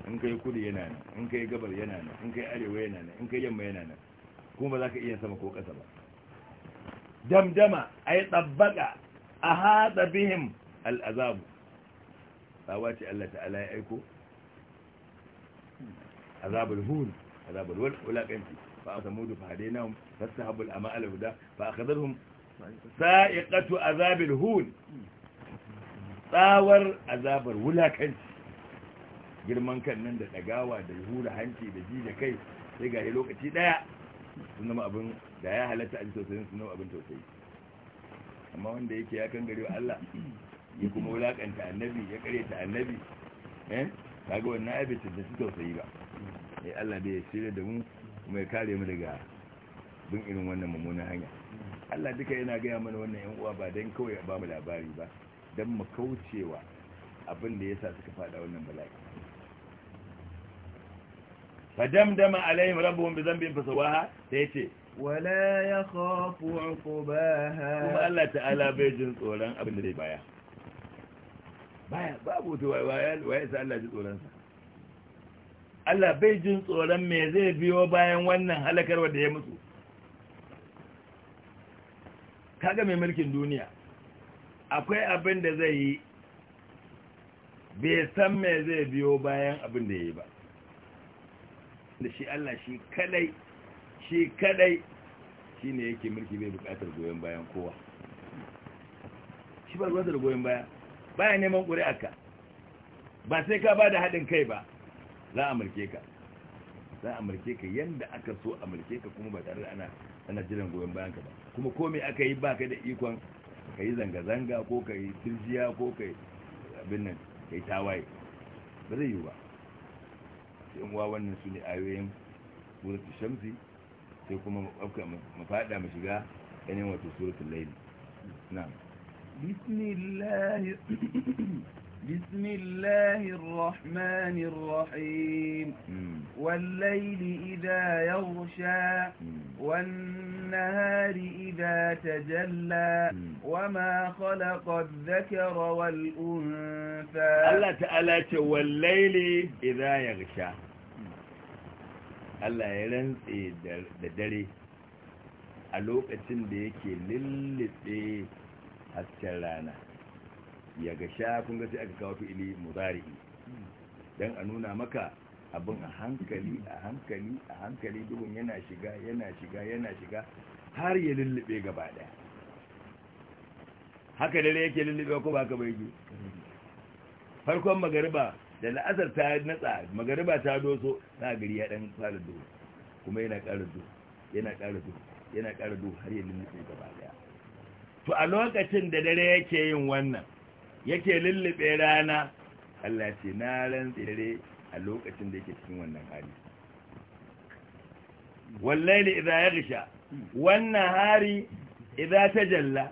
in kai kudu yana nan in kai gabar yana nan in kai arewa yana nan in kai yamma yana nan kuma ba za ka iya sama ko ƙasa ba damdama ai yi tsabbaka a haɗa bihim al'azabu tsawa ce Allah ta'ala ya aiko azabul hun azabul wal wulakanci fa samudu fa hadainahum fastahabul ama ala huda fa akhadhahum sa'iqatu azabil hun tsawar azabar wulakanci girman kan nan da dagawa da hura hanci da ji da kai sai ga lokaci daya sun nama abin da ya halatta a ji sun nama abin tausayi amma wanda yake ya kan gari wa Allah ya kuma wulakanta annabi ya ta annabi eh kaga wannan ai bai da tausayi ba Eh Allah da ya shirya da mu kuma ya kare mu daga bin irin wannan mummunan hanya Allah duka yana gaya mana wannan yan uwa ba dan kawai ba mu labari ba dan mu kaucewa abin da yasa suka fada wannan bala'i fadamdama alaihim rabbuhum bi dhanbin fasawaha sai ce wala yakhafu uqubaha kuma Allah ta'ala bai jin tsoron abin da zai baya baya babu ta waye sa Allah ji tsoronsa Allah bai jin tsoron me zai biyo bayan wannan halakar da ya mutu kaga mai mulkin duniya akwai abin da zai yi bai san me zai biyo bayan abin da ya yi ba da shi Allah shi kadai shi kadai shi ne yake mulki bai bukatar goyon bayan kowa shi ba ruwansa da goyon baya baya neman ƙuri'arka ba sai ka ba da haɗin kai ba za a mulke ka za a mulke ka yadda aka so a mulke ka kuma ba tare da ana ana jiran goyon bayanka ba kuma komai aka yi ba ka da ikon ka yi zanga-zanga ko ka yi tirjiya ko ka yi abin nan ka yi tawaye ba zai yi ba yan uwa wannan su ne ayoyin suratul shamsi sai kuma mafaɗa mu shiga wato suratul laili na'am بسم الله بسم الله الرحمن الرحيم والليل إذا يغشى والنهار إذا تجلى وما خلق الذكر والأنثى الله تعالى والليل إذا يغشى الله يرنسي دري ألوك lokacin da yake lullube hasken rana ya ga sha kun ga sai aka kawo fi'ili mudari dan a nuna maka abin a hankali a hankali a hankali dubun yana shiga yana shiga yana shiga har ya lullube gaba daya haka dare yake lullube ko baka bai ji farkon magariba da la'azar ta natsa magariba ta doso na gari ya dan fara duhu kuma yana ƙara duhu yana ƙara duhu yana ƙara duhu har ya lullube gaba daya to a lokacin da dare yake yin wannan yake lullube rana Allah ce na rantsi dare a lokacin da yake cikin wannan hali wallahi ya gisha wannan hari ta jalla.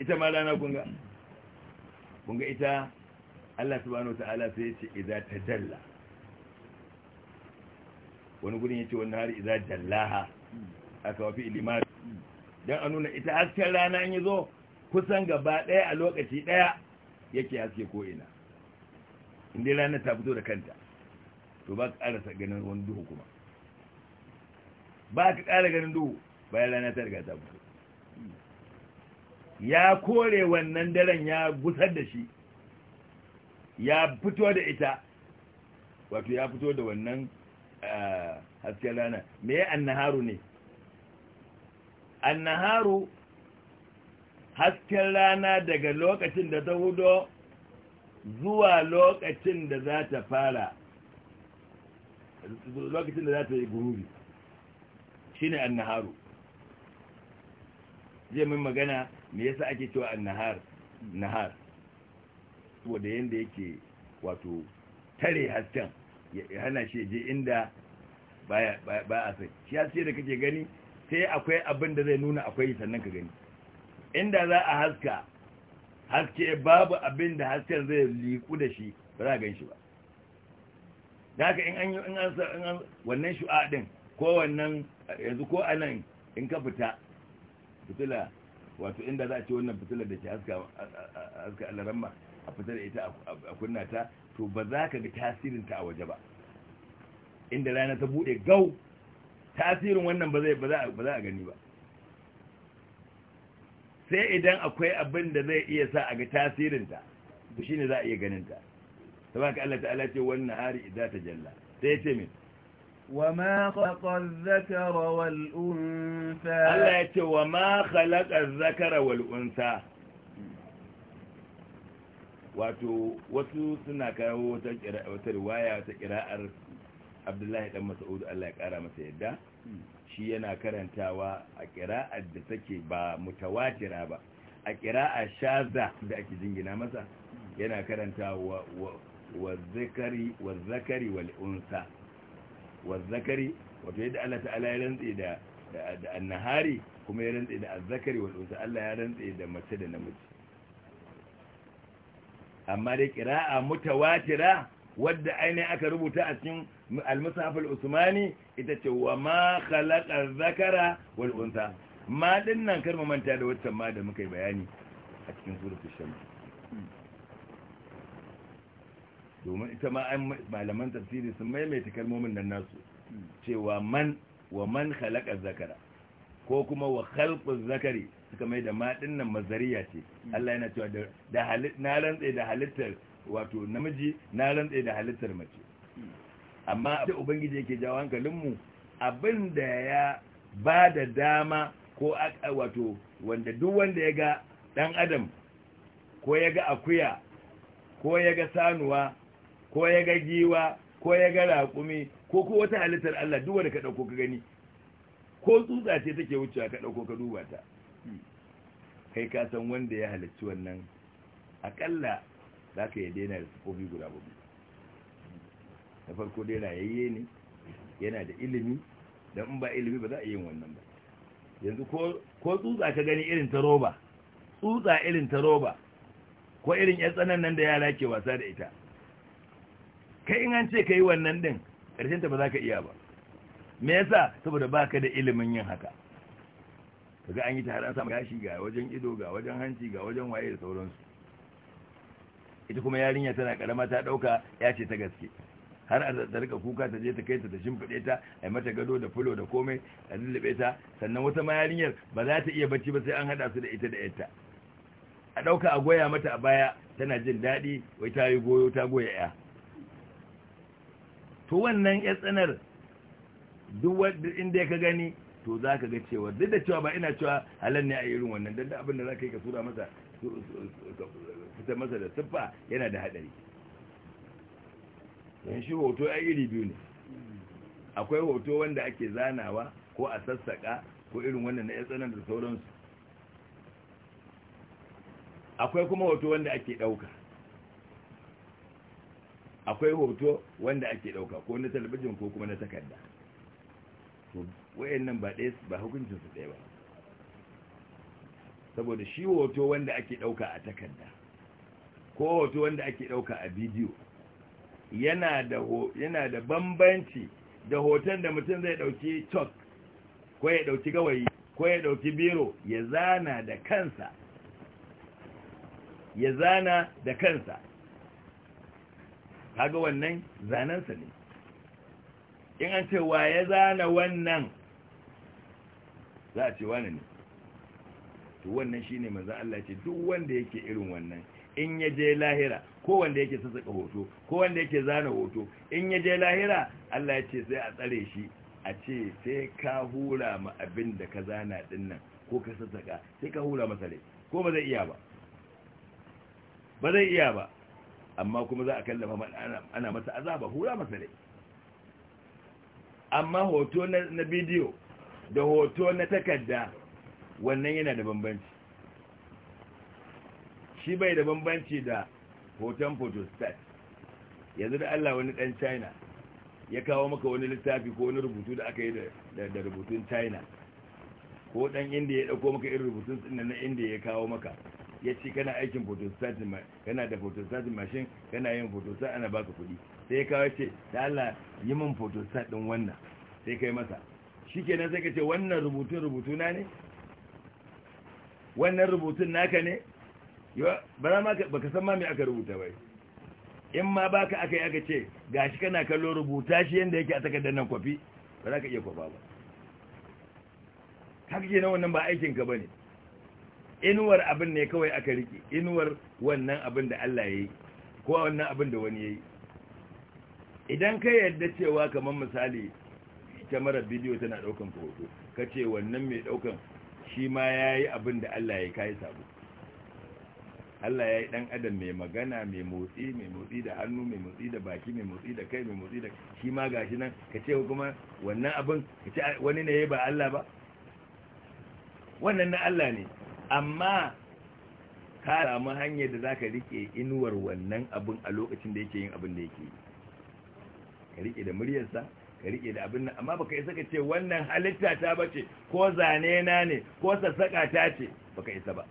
ita ma rana kunga kunga ita Allah subhanahu wataala sai ce ta jalla. wani gurin yace wannan hari idza jallaha aka wafi ilimar don a nuna ita hasken rana in yi zo kusan gaba ɗaya a lokaci ɗaya yake haske ko'ina inda rana ta fito da kanta to ba ka ƙarasa ganin wani duhu kuma ba ka ƙara ganin duhu bayan rana ta riga ta fito ya kore wannan daren ya gusar da shi ya fito da ita wato ya fito da wannan ah, hasken rana me annaharu ne annaharu hasken rana daga lokacin da ta hudo zuwa lokacin da za ta fara lokacin da za ta yi gurubi shi ne annaharu zai min magana me yasa ake cewa annahar nahar da yadda yake wato tare hasken ya hana shi je inda ba a sai shi hasken da kake gani sai akwai abin da zai nuna akwai sannan ka gani inda za a haska haske babu abin da hasken zai liku da shi ba za a gan shi ba da haka in an yi wannan shu'a ko wannan yanzu ko nan in ka fita fitila wato inda za a ce wannan fitilar da ke haska alaramma a fita da ita a kunna ta to ba za ka ga tasirinta a waje ba inda rana ta bude gau tasirin wannan ba za a gani ba sai idan akwai abin da zai iya sa a ga tasirinta to shi ne za a iya ganinta ta ba ka Allah ta'ala ce wannan hari za ta jalla sai ya ce min wa ma khalaqa dhakara wal unsa Allah ya ce wa ma khalaqa dhakara wal unsa wato wasu suna kawo wata riwaya wata kira'ar abdullahi dan mas'ud Allah ya kara masa yadda shi yana karantawa a qira'ar da take ba mutawatira ba a qira'a shaza da ake jingina masa yana karantawa wa zakari wa zakari wal unsa wa zakari wato yadda Allah ta'ala ya rantsi da da annahari kuma ya rantsi da azkari wal unsa Allah ya rantsi da mace da namiji amma dai qira'a mutawatira wadda aine aka rubuta a cikin al-musaf al ita ce wa ma khalaqa zakara wal unsa ma dinnan kar mu manta da waccan ma da muka yi bayani a cikin suratul shams domin ita ma malaman tafsiri sun maimaita kalmomin nan nasu cewa man wa man khalaqa zakara ko kuma wa khalqu zakari suka mai da ma nan mazariya ce Allah yana cewa da na rantsa da halittar wato namiji na rantsa da halittar mace amma da ubangiji yake jawo hankalinmu abinda ya ba da dama ko wato wanda duk wanda ya ga dan adam ko ya ga akuya ko ya ga sanuwa ko ya ga giwa ko ya ga raƙumi ko ko wata halittar Allah duk wanda ka dauko ka gani ko tsutsa ce take wucewa ka dauko ka duba ta kai ka san wanda ya halicci wannan akalla zaka ya daina da sufofi guda babu na farko dai rayayye ne yana da ilimi don in ba ilimi ba za a yi wannan ba yanzu ko tsutsa ka gani irin ta roba tsutsa irin ta roba ko irin yan tsanan nan da yara ke wasa da ita kai in an ce ka yi wannan din ƙarshen ta ba za ka iya ba me yasa saboda baka da ilimin yin haka kaga an yi ta har an samu gashi ga wajen ido ga wajen hanci ga wajen waye da sauransu ita kuma yarinya tana karama ta dauka ya ce ta gaske har a da kuka ta je ta kai ta ta shimfiɗe ta a mata gado da fulo da komai a lullube ta sannan wata mayarinyar ba za ta iya bacci ba sai an hada su da ita da yarta a ɗauka a goya mata a baya tana jin daɗi wai ta yi goyo ta goya ya to wannan ya tsanar duk inda ya ka gani to za ka ga cewa duk da cewa ba ina cewa halar ne a irin wannan don da abin da za ka yi ka tura masa fitar masa da siffa yana da haɗari don shi hoto ya iri biyu ne akwai hoto wanda ake zanawa ko a sassaƙa ko irin wannan na ya tsanan da sauransu akwai kuma hoto wanda ake ɗauka akwai hoto wanda ake ɗauka ko na talabijin ko kuma na takarda to wayannan ba ɗaya ba hukuncin su ɗaya ba saboda shi hoto wanda ake ɗauka a takarda ko hoto wanda ake ɗauka a bidiyo yana da yana da bambanci da hoton da mutum zai dauki chalk ko ya dauki gawayi ko ya dauki biro ya zana da kansa ya zana da kansa kaga wannan zanansa ne in an ce wa ya zana wannan za a ce wani ne to wannan shine manzo Allah ce duk wanda yake irin wannan in ya je lahira ko wanda yake sassaka hoto ko wanda yake zana hoto in ya je lahira Allah ya ce sai a tsare shi a ce sai ka hura ma abin da ka zana dinnan ko ka sassaka sai ka hura masa rai ko ba zai iya ba ba zai iya ba amma kuma za a kallafa ana masa azaba hura masa rai amma hoto na bidiyo da hoto na takarda wannan yana da bambanci shi bai da bambanci da hoton photostat yanzu da Allah wani dan China ya kawo maka wani littafi ko wani rubutu da aka yi da rubutun China ko dan India ya dauko maka irin rubutun din na India ya kawo maka ya ce kana aikin photostat kana da photostat machine kana yin photostat ana baka kuɗi sai ya kawo ce da Allah yi min photostat din wannan sai kai masa shikenan sai ka ce wannan rubutun rubutuna ne wannan rubutun naka ne ba ma baka san ma me aka rubuta bai in ma baka aka yi aka ce gashi kana kallo rubuta shi yanda yake a takardar nan kwafi ba za ka iya kwafa ba haka ke na wannan ba aikin ka bane inuwar abin ne kawai aka riki inuwar wannan abin da Allah ya yi ko wannan abin da wani ya yi idan ka yarda cewa kamar misali kamarar bidiyo tana daukan hoto ka ce wannan mai daukan shi ma ya yi abin da Allah ya yi kayi sabo Allah ya yi ɗan adam mai magana mai motsi mai motsi da hannu mai motsi da baki mai motsi da kai mai motsi da shi ma ga shi nan ka ce kuma wannan abin ka ce wani ne ba Allah ba wannan na Allah ne amma ka samu hanyar da zaka rike inuwar wannan abin a lokacin da yake yin abin da yake ka rike da muryarsa ka rike da abin nan amma baka isa ka ce wannan halitta ta bace ko zane na ne ko sassaka ta ce baka isa ba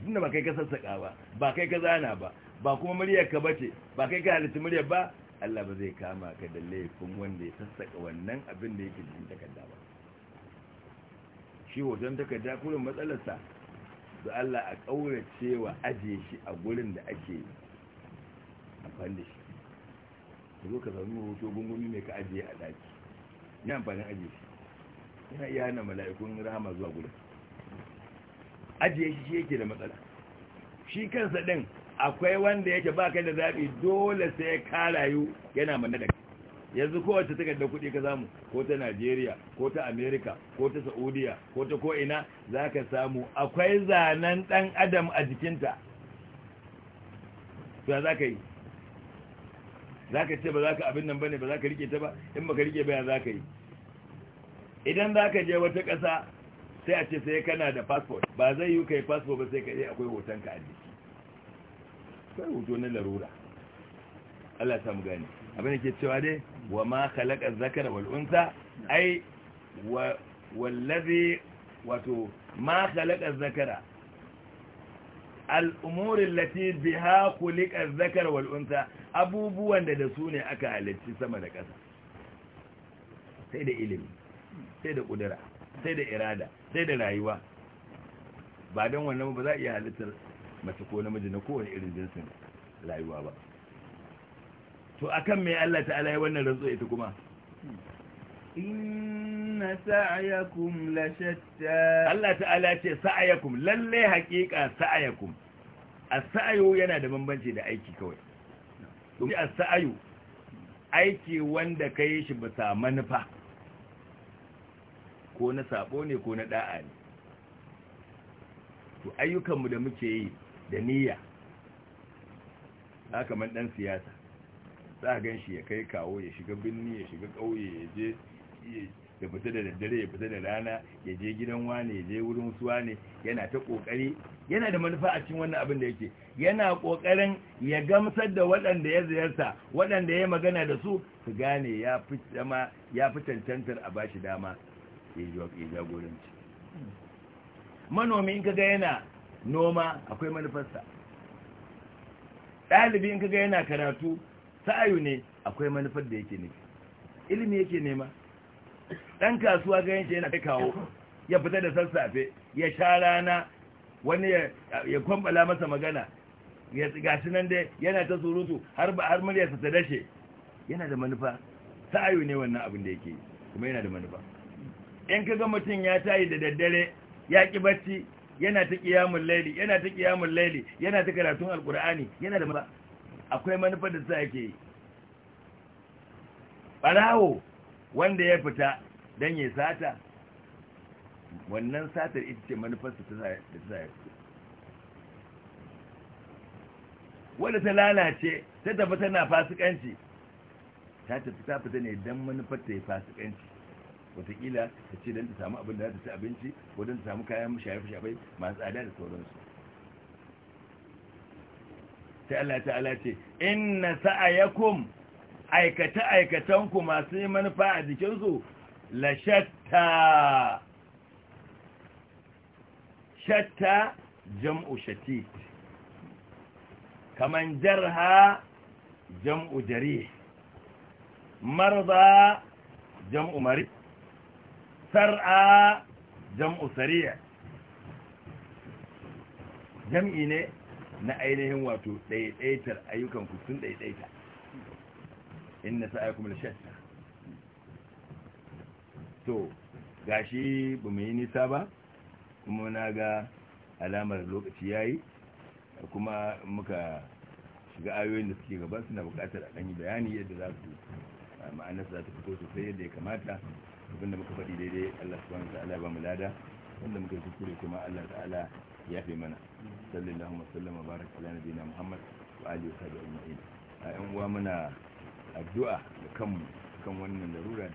tunda ba kai ka sassaka ba ba kai ka zana ba ba kuma muryar ka bace ba kai ka halitta muryar ba Allah ba zai kama ka da laifin wanda ya sassaka wannan abin da yake cikin takarda ba shi hoton takarda kullum matsalarsa da Allah a ƙaurace wa ajiye shi a gurin da ake amfani da shi ka zo ka sami hoto gungumi mai ka ajiye a daki ina amfanin ajiye shi yana iya hana mala'ikun rahama zuwa gurin ajiye shi shi yake da matsala shi kansa ɗin akwai wanda yake ba kai da zaɓi dole sai ya karayu yana manna da yanzu kowace takardar kuɗi ka samu ko ta najeriya ko ta amerika ko ta saudiya ko ta ko'ina za ka samu akwai zanen ɗan adam a jikinta to za ka yi za ka ce ba za ka abin nan ba ne ba za ka rike ta ba in ba ka rike ya za ka yi idan za ka je wata ƙasa sai a ce sai kana da passport ba zai yi kai passport ba sai ka yi akwai hoton ka a jiki sai hoto na larura Allah ta mu gani abin da ke cewa dai wa ma khalaqa zakara wal unsa ai wa wallazi wato ma khalaqa zakara al umur allati biha khuliqa zakara wal unsa abubuwan da da su ne aka halarci sama da ƙasa sai da ilimi sai da ƙudura sai da irada sai da rayuwa ba don wannan ba za a iya halittar mace ko namiji na kowane irin jinsin rayuwa ba to akan me Allah ta'ala ya wannan rantsu ita kuma inna sa'yakum lashatta Allah ta'ala ce sa'yakum lalle haƙiƙa sa'yakum as-sa'yu yana da bambanci da aiki kawai domin as-sa'yu aiki wanda kai shi bisa manufa ko na sabo ne ko na da'a ne to ayyukanmu da muke yi da niyya haka man dan siyasa za a gan shi ya kai kawo ya shiga birni ya shiga ƙauye ya je ya fita da daddare ya fita da rana ya je gidan wani ya je wurin su wani yana ta kokari yana da manufa a cikin wannan abin da yake yana ƙoƙarin ya gamsar da waɗanda ya ziyarta waɗanda ya magana da su su gane ya fi ya fi cancantar a bashi dama ya jagoranci manomi in kaga yana noma akwai manufarsa ɗalibi in kaga yana karatu sa'ayu ne akwai manufar da yake nufi ilimi yake nema ɗan kasuwa ganin shi yana kai kawo ya fita da sassafe ya sha rana wani ya kwambala masa magana ya gashi nan dai yana ta surutu har ba har muryarsa ta dashe yana da manufa sa'ayu ne wannan abin da yake kuma yana da manufa in kaga mutum ya tayi da daddare ya ki bacci yana ta kiyamul laili, yana ta kiyamul laili, yana ta karatun alqur'ani yana da akwai manufar da sai yake yi barawo wanda ya fita dan ya sata wannan satar ita ce manufar ta sa ya fita ta lalace ta tafi tana fasikanci ta tafi ta fita ne don manufar ta fasikanci wataƙila ta ce don ta samu abin da za ta ci abinci ko don ta samu kayan shafe-shafe masu tsada da sauransu sai Allah ta'ala ce ya kum aikata-aikatanku masu yi manufa a jikinsu la shatta shatta jam'u shatit kaman jarha jam'u jari, marza jam'u mari. sar'a jam'u sariya jam'i ne na ainihin wato ɗaiɗaitar ayyukan kutun sun ɗaiɗaita inna sa'akum to gashi ba mu yi nisa ba kuma na ga alamar lokaci yayi kuma muka shiga ayoyin da suke gaba suna bukatar a ɗanyi bayani yadda za su ma'anar za ta fito sosai yadda ya kamata abinda muka faɗi daidai Allah subhanahu wa ta'ala ba mu lada wanda muka kuskure kuma Allah ta'ala ya fi mana sallallahu wa sallam wa baraka ala nabiyina Muhammad wa alihi wa sahbihi ajma'in a yan uwa muna addu'a da kanmu kan wannan larura